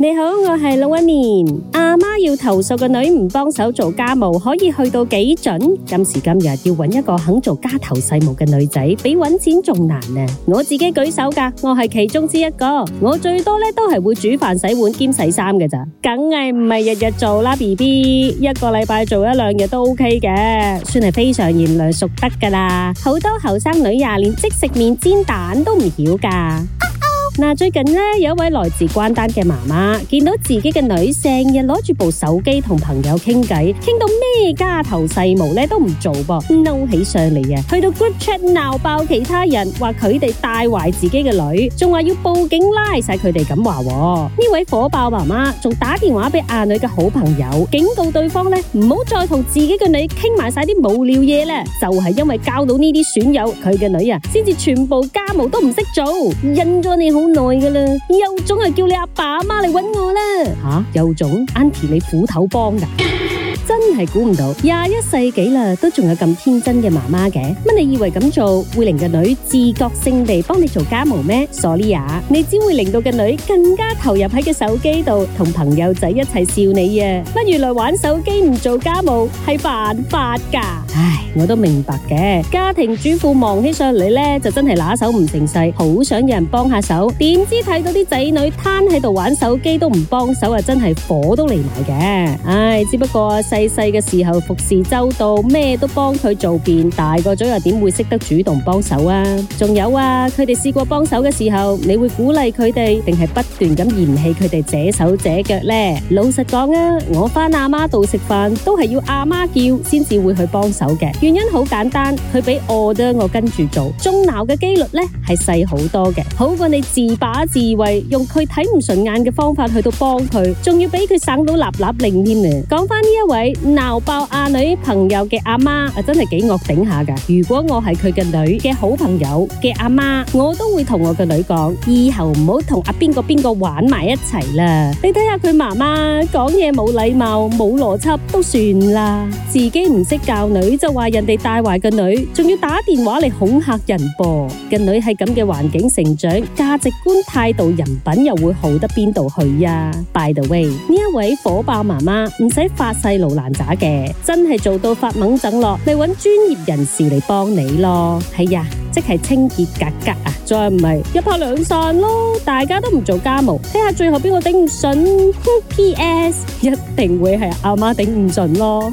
你好，我係龍紋敏。阿媽要投訴個女唔幫手做家務，可以去到幾準？今時今日要搵一個肯做家頭細務嘅女仔，比搵錢仲難啊！我自己舉手噶，我係其中之一個。我最多咧都係會煮飯、洗碗兼洗衫嘅咋，梗係唔係日日做啦，BB。一個禮拜做一兩日都 O K 嘅，算係非常賢良淑德噶啦。好多後生女呀，連即食麵煎蛋都唔曉噶。嗱，最近呢，有一位來自關丹嘅媽媽，見到自己嘅女成日攞住部手機同朋友傾偈，傾到咩家頭細務咧都唔做噃，嬲起上嚟嘅，去到 Good Chat 鬧爆其他人，話佢哋帶壞自己嘅女，仲話要報警拉晒佢哋咁話。呢位火爆媽媽仲打電話俾阿女嘅好朋友，警告對方呢唔好再同自己嘅女傾埋晒啲無聊嘢啦，就係因為交到呢啲損友，佢嘅女啊先至全部家務都唔識做，印咗你好。耐噶啦，又總係叫你阿爸阿媽嚟揾我啦。吓、啊，又總，Auntie 你斧頭幫噶、啊，真係估唔到廿一世紀啦，都仲有咁天真嘅媽媽嘅。乜你以為咁做會令個女自覺性地幫你做家務咩？Sorry 你只會令到個女更加投入喺個手機度，同朋友仔一齊笑你啊。乜原來玩手機，唔做家務係辦法噶。唉，我都明白嘅。家庭主婦忙起上嚟咧，就真係拿手唔成勢，好想有人幫下手。點知睇到啲仔女攤喺度玩手機都唔幫手啊，真係火都嚟埋嘅。唉，只不過細細嘅時候服侍周到，咩都幫佢做便，大個咗又點會識得主動幫手啊？仲有啊，佢哋試過幫手嘅時候，你會鼓勵佢哋，定係不斷咁嫌棄佢哋這手這腳呢？老實講啊，我返阿媽度食飯都係要阿媽叫先至會去幫手。原因好簡單，佢俾我都我跟住做，中鬧嘅幾率呢係細好多嘅，好過你自把自為，用佢睇唔順眼嘅方法去到幫佢，仲要俾佢省到立立令添啊！講返呢一位鬧爆阿、啊、女朋友嘅阿媽，媽啊，真係幾惡頂下㗎！如果我係佢嘅女嘅好朋友嘅阿媽，媽，我都會同我嘅女講，以後唔好同阿邊個邊個玩埋一齊啦！你睇下佢媽媽講嘢冇禮貌，冇邏輯都算啦，自己唔識教女。就話人哋帶壞個女，仲要打電話嚟恐嚇人噃、啊。個女係咁嘅環境成長，價值觀、態度、人品又會好得邊度去呀、啊、？By the way，呢位火爆媽媽唔使發細路爛渣嘅，真係做到發懵整落，咪揾專業人士嚟幫你咯。係、哎、呀，即係清潔格格啊，再唔係一拍兩散咯。大家都唔做家務，睇下最後邊個頂唔順。P.S. 一定會係阿媽頂唔順咯。